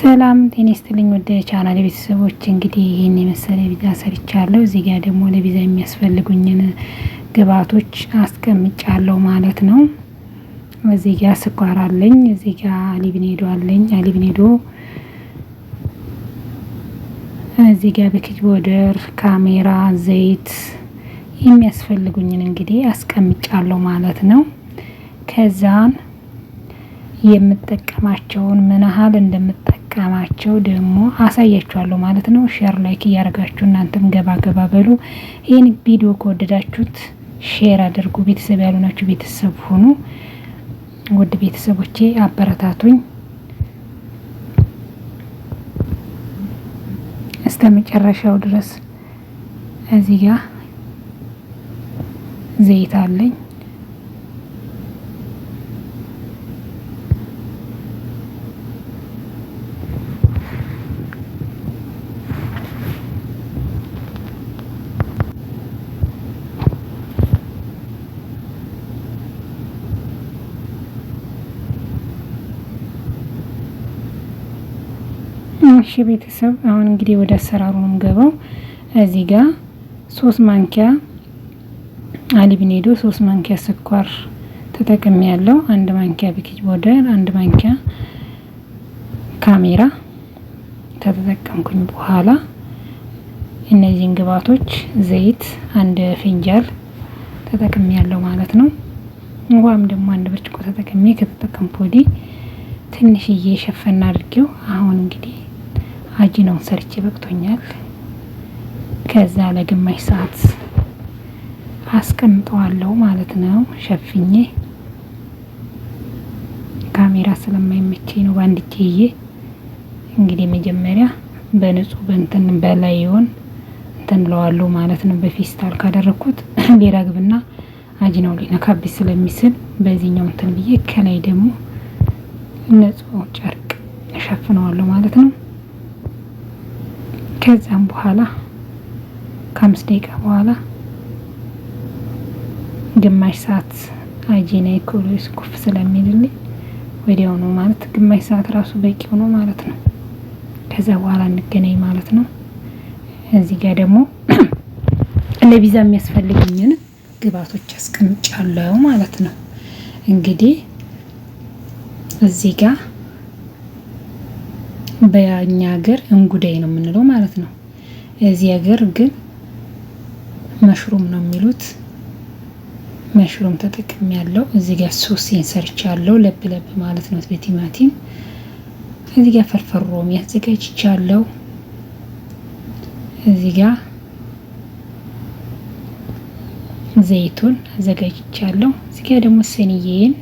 ሰላም ጤና ይስጥልኝ ወደ ቻናል ቤተሰቦች፣ እንግዲህ ይህን የመሰለ ቪዲዮ ሰርቻለሁ። እዚህ ጋር ደግሞ ለቪዛ የሚያስፈልጉኝን ግብአቶች አስቀምጫለሁ ማለት ነው። እዚህ ጋር ስኳር አለኝ፣ እዚህ ጋር አሊብኔዶ አለኝ። አሊብኔዶ እዚህ ጋር ቤኪንግ ፓውደር፣ ካሜራ፣ ዘይት የሚያስፈልጉኝን እንግዲህ አስቀምጫለሁ ማለት ነው። ከዛን የምጠቀማቸውን ምን ያህል እንደምት አጠቃቀማቸው ደግሞ አሳያችኋለሁ ማለት ነው። ሼር ላይክ እያደረጋችሁ እናንተም ገባ ገባ በሉ። ይህን ቪዲዮ ከወደዳችሁት ሼር አድርጉ። ቤተሰብ ያልሆናችሁ ቤተሰብ ሁኑ። ውድ ቤተሰቦቼ አበረታቱኝ። እስከ መጨረሻው ድረስ እዚህ ጋር ዘይት አለኝ። እሺ ቤተሰብ አሁን እንግዲህ ወደ አሰራሩ ነው የምገባው። እዚህ ጋር ሶስት ማንኪያ አሊብኔዶ ሶስት ማንኪያ ስኳር ተጠቅሜ ያለው አንድ ማንኪያ ቤኪንግ ፓውደር አንድ ማንኪያ ካሜራ ከተጠቀምኩኝ በኋላ እነዚህን ግብዓቶች ዘይት አንድ ፊንጃል ተጠቅሜ ያለው ማለት ነው። ውሃም ደግሞ አንድ ብርጭቆ ተጠቅሜ ከተጠቀምኩ ወዲህ ትንሽዬ ሸፈና አድርጌው አሁን እንግዲህ ነው ሰርቼ በቅቶኛል። ከዛ ለግማሽ ሰዓት አስቀምጠዋለሁ ማለት ነው ሸፍኜ። ካሜራ ስለማይመቸኝ ነው በአንድ እንግዲህ መጀመሪያ በንጹህ በእንትን በላይ ይሆን እንትን እለዋለሁ ማለት ነው። በፌስታል ካደረግኩት ሊረግብና አጂናው ሊነካብኝ ስለሚስል በዚህኛው እንትን ብዬ ከላይ ደግሞ ንጹህ ጨርቅ እሸፍነዋለሁ ማለት ነው። ከዛም በኋላ ከአምስት ደቂቃ በኋላ ግማሽ ሰዓት አጂና ኢኮሎጂስ ኩፍ ስለሚልልኝ ወዲያው ነው ማለት ግማሽ ሰዓት ራሱ በቂ ሆኖ ማለት ነው። ከዛ በኋላ እንገናኝ ማለት ነው። እዚህ ጋር ደግሞ ለቪዛ የሚያስፈልጉኝን ግብአቶች አስቀምጫለሁ ማለት ነው። እንግዲህ እዚህ ጋር በእኛ ሀገር እንጉዳይ ነው የምንለው ማለት ነው። እዚህ ሀገር ግን መሽሩም ነው የሚሉት። መሽሩም ተጠቅም ያለው እዚህ ጋር ሶሴን ሰርች ያለው ለብ ለብ ማለት ነው በቲማቲም እዚህ ጋር ፈርፈሮ ሮም ያዘጋጅቻለሁ። እዚህ ጋር ዘይቱን አዘጋጅቻለሁ። እዚህ ጋር ደግሞ ሰንዬን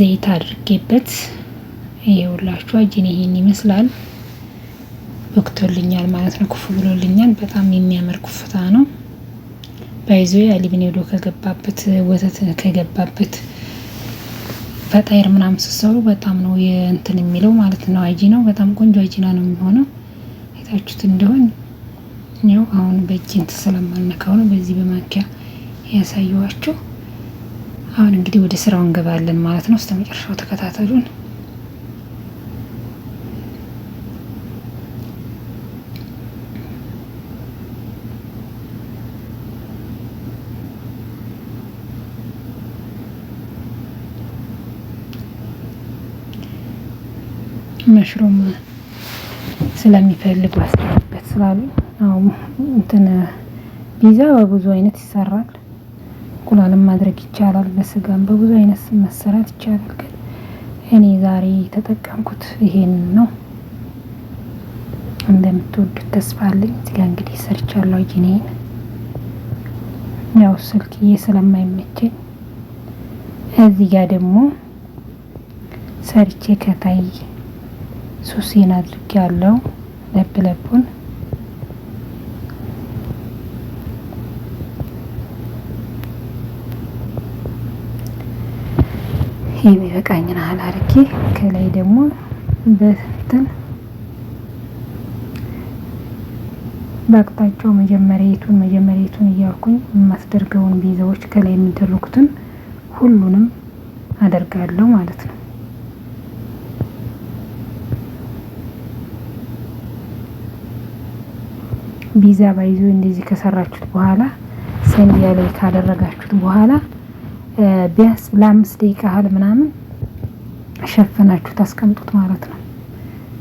ዘይት አድርጌበት ይሄውላችሁ አጅን ይሄን ይመስላል። ወቅቶልኛል ማለት ነው። ኩፍ ብሎልኛል። በጣም የሚያምር ኩፍታ ነው። ባይዞ ዶ ከገባበት ወተት ከገባበት ፈጣይር ምናምን ስትሰሩ በጣም ነው እንትን የሚለው ማለት ነው። አጂ ነው በጣም ቆንጆ አጂና ነው የሚሆነው። አይታችሁት እንደሆን ያው አሁን በእጅ እንትን ስለማልነካው ነው በዚህ በማንኪያ ያሳየዋችሁ። አሁን እንግዲህ ወደ ስራው እንገባለን ማለት ነው። እስከ መጨረሻው ተከታተሉን። መሽሩም ስለሚፈልጉ ያስገቡበት ስላሉ አዎ እንትን ፒዛ በብዙ አይነት ይሰራል። እንቁላልም ማድረግ ይቻላል። በስጋም በብዙ አይነት መሰራት ይቻላል። ግን እኔ ዛሬ የተጠቀምኩት ይሄን ነው። እንደምትወዱት ተስፋ አለኝ። እዚጋ እንግዲህ ሰርቻለሁ ጂኔን ያው ስልክዬ ስለማይመቸኝ እዚህ ጋ ደግሞ ሰርቼ ከታይ ሱሲን አድርግ ያለው ለብ ለቡን የሚበቃኝን ያህል አድርጌ ከላይ ደግሞ በስንትን በአቅጣጫው መጀመሪያቱን መጀመሪያቱን እያልኩኝ የማስደርገውን ቪዛዎች ከላይ የሚደረጉትን ሁሉንም አደርጋለሁ ማለት ነው። ቪዛ ባይዞ እንደዚህ ከሰራችሁት በኋላ ሰንዲያ ላይ ካደረጋችሁት በኋላ ቢያንስ ለአምስት ደቂቃ ያህል ምናምን ሸፈናችሁት አስቀምጡት ማለት ነው።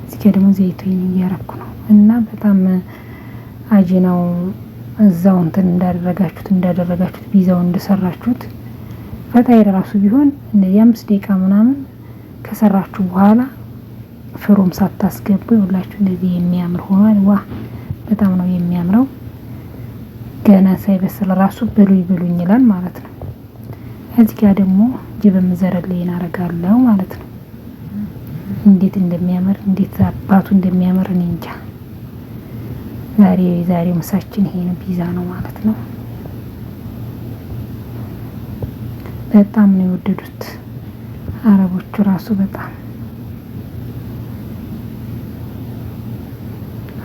እዚህ ጋ ደግሞ ዘይቶኝ እያረኩ ነው እና በጣም አጂናው እዛው እንትን እንዳደረጋችሁት እንዳደረጋችሁት ቪዛው እንደሰራችሁት ፈታይ የራሱ ቢሆን እንደዚህ አምስት ደቂቃ ምናምን ከሰራችሁ በኋላ ፍሩም ሳታስገቡ ይሁላችሁ እንደዚህ የሚያምር ሆኗል ዋ በጣም ነው የሚያምረው። ገና ሳይበስል ራሱ ብሉኝ ብሉኝ ይላል ማለት ነው። እዚህ ጋር ደግሞ ጅብም ዘረልኝ አደርጋለሁ ማለት ነው። እንዴት እንደሚያምር እንዴት አባቱ እንደሚያምር እኔ እንጃ። ዛሬ ዛሬው ምሳችን ይሄን ቢዛ ነው ማለት ነው። በጣም ነው የወደዱት አረቦቹ ራሱ በጣም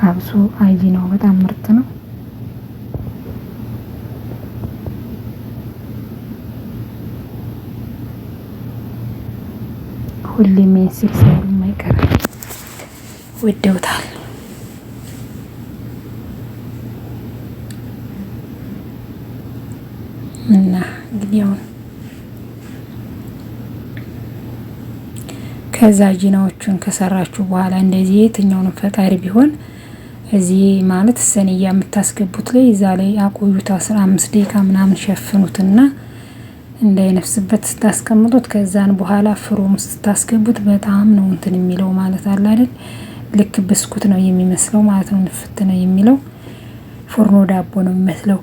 አብሶ አይዲ ነው። በጣም ምርጥ ነው። ሁሌ ሜንሲል ሳይሆን አይቀር ወደውታል። እና እንግዲህ አሁን ከዛ ጂናዎቹን ከሰራችሁ በኋላ እንደዚህ የትኛውንም ፈጣሪ ቢሆን እዚህ ማለት ሰንያ የምታስገቡት ላይ እዛ ላይ አቆዩት። አስራ አምስት ደቂቃ ምናምን ሸፍኑትና እንዳይነፍስበት ስታስቀምጡት ከዛን በኋላ ፍሮም ስታስገቡት በጣም ነው እንትን የሚለው ማለት አለ አይደል? ልክ ብስኩት ነው የሚመስለው ማለት ነው። ንፍት ነው የሚለው ፎርኖ ዳቦ ነው የሚመስለው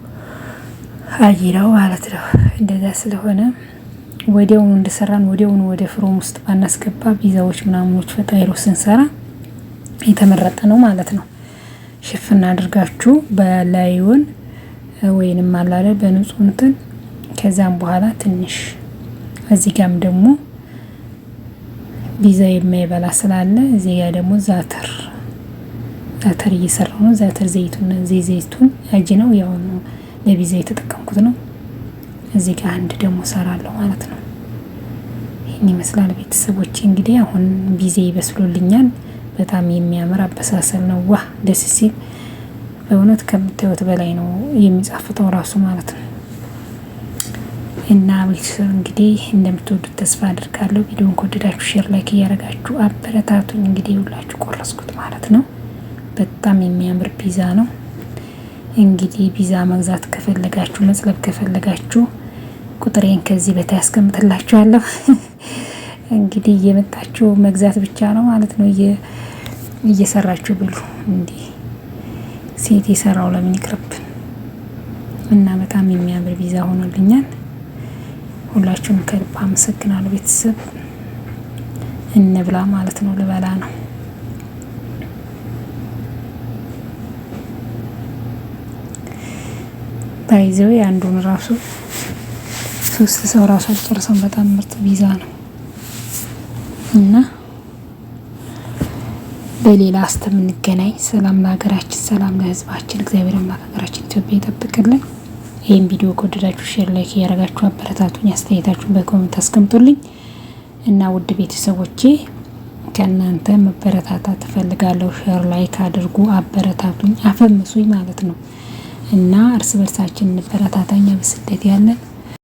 አጅራው ማለት ነው። እንደዛ ስለሆነ ወዲያውኑ እንደሰራን ወዲያውኑ ወደ ፍሮም ውስጥ ባናስገባ ቢዛዎች ምናምኖች ፈጣይሮ ስንሰራ የተመረጠ ነው ማለት ነው። ሽፍን አድርጋችሁ በላዩን ወይንም አላለ በንጹህ እንትን ከዛም በኋላ ትንሽ እዚህ ጋም ደግሞ ቢዛ የማይበላ ስላለ እዚህ ጋር ደግሞ ዛተር ዛተር እየሰራው ነው። ዛተር ዘይቱን እዚህ ዘይቱን ያጅ ነው ያው ነው ለቢዛ የተጠቀምኩት ነው። እዚህ ጋር አንድ ደግሞ ሰራለሁ ማለት ነው። ይህን ይመስላል ቤተሰቦች። እንግዲህ አሁን ቢዜ ይበስሉልኛል። በጣም የሚያምር አበሳሰል ነው። ዋ ደስ ሲል በእውነት ከምታዩት በላይ ነው የሚጣፍጠው ራሱ ማለት ነው። እና ቤተሰብ እንግዲህ እንደምትወዱት ተስፋ አድርጋለሁ። ቪዲዮን ከወደዳችሁ ሼር፣ ላይክ እያደረጋችሁ አበረታቱኝ። እንግዲህ ሁላችሁ ቆረስኩት ማለት ነው። በጣም የሚያምር ፒዛ ነው። እንግዲህ ፒዛ መግዛት ከፈለጋችሁ መጽለብ ከፈለጋችሁ ቁጥሬን ከዚህ በታይ ያስቀምጥላችኋለሁ። እንግዲህ እየመጣችሁ መግዛት ብቻ ነው ማለት ነው። እየሰራችሁ ብሉ። እንዲህ ሴት የሰራው ለምን ይቅርብን እና በጣም የሚያምር ቪዛ ሆኖልኛል። ሁላችሁም ከልብ አመሰግናለሁ። ቤተሰብ እንብላ ማለት ነው። ልበላ ነው። ታይዘው አንዱን ራሱ ሶስት ሰው ራሱ አልጨርሰም። በጣም ምርጥ ቪዛ ነው እና በሌላ እስከምንገናኝ ሰላም ለሀገራችን፣ ሰላም ለህዝባችን እግዚአብሔር አምላክ ሀገራችን ኢትዮጵያ ይጠብቅልን። ይህም ቪዲዮ ከወደዳችሁ ሼር፣ ላይክ እያደረጋችሁ አበረታቱኝ። አስተያየታችሁን በኮሜንት አስቀምጡልኝ እና ውድ ቤተሰቦቼ ከእናንተ መበረታታት እፈልጋለሁ። ሼር፣ ላይክ አድርጉ፣ አበረታቱኝ፣ አፈምሱኝ ማለት ነው እና እርስ በርሳችን እንበረታታኛ በስደት ያለን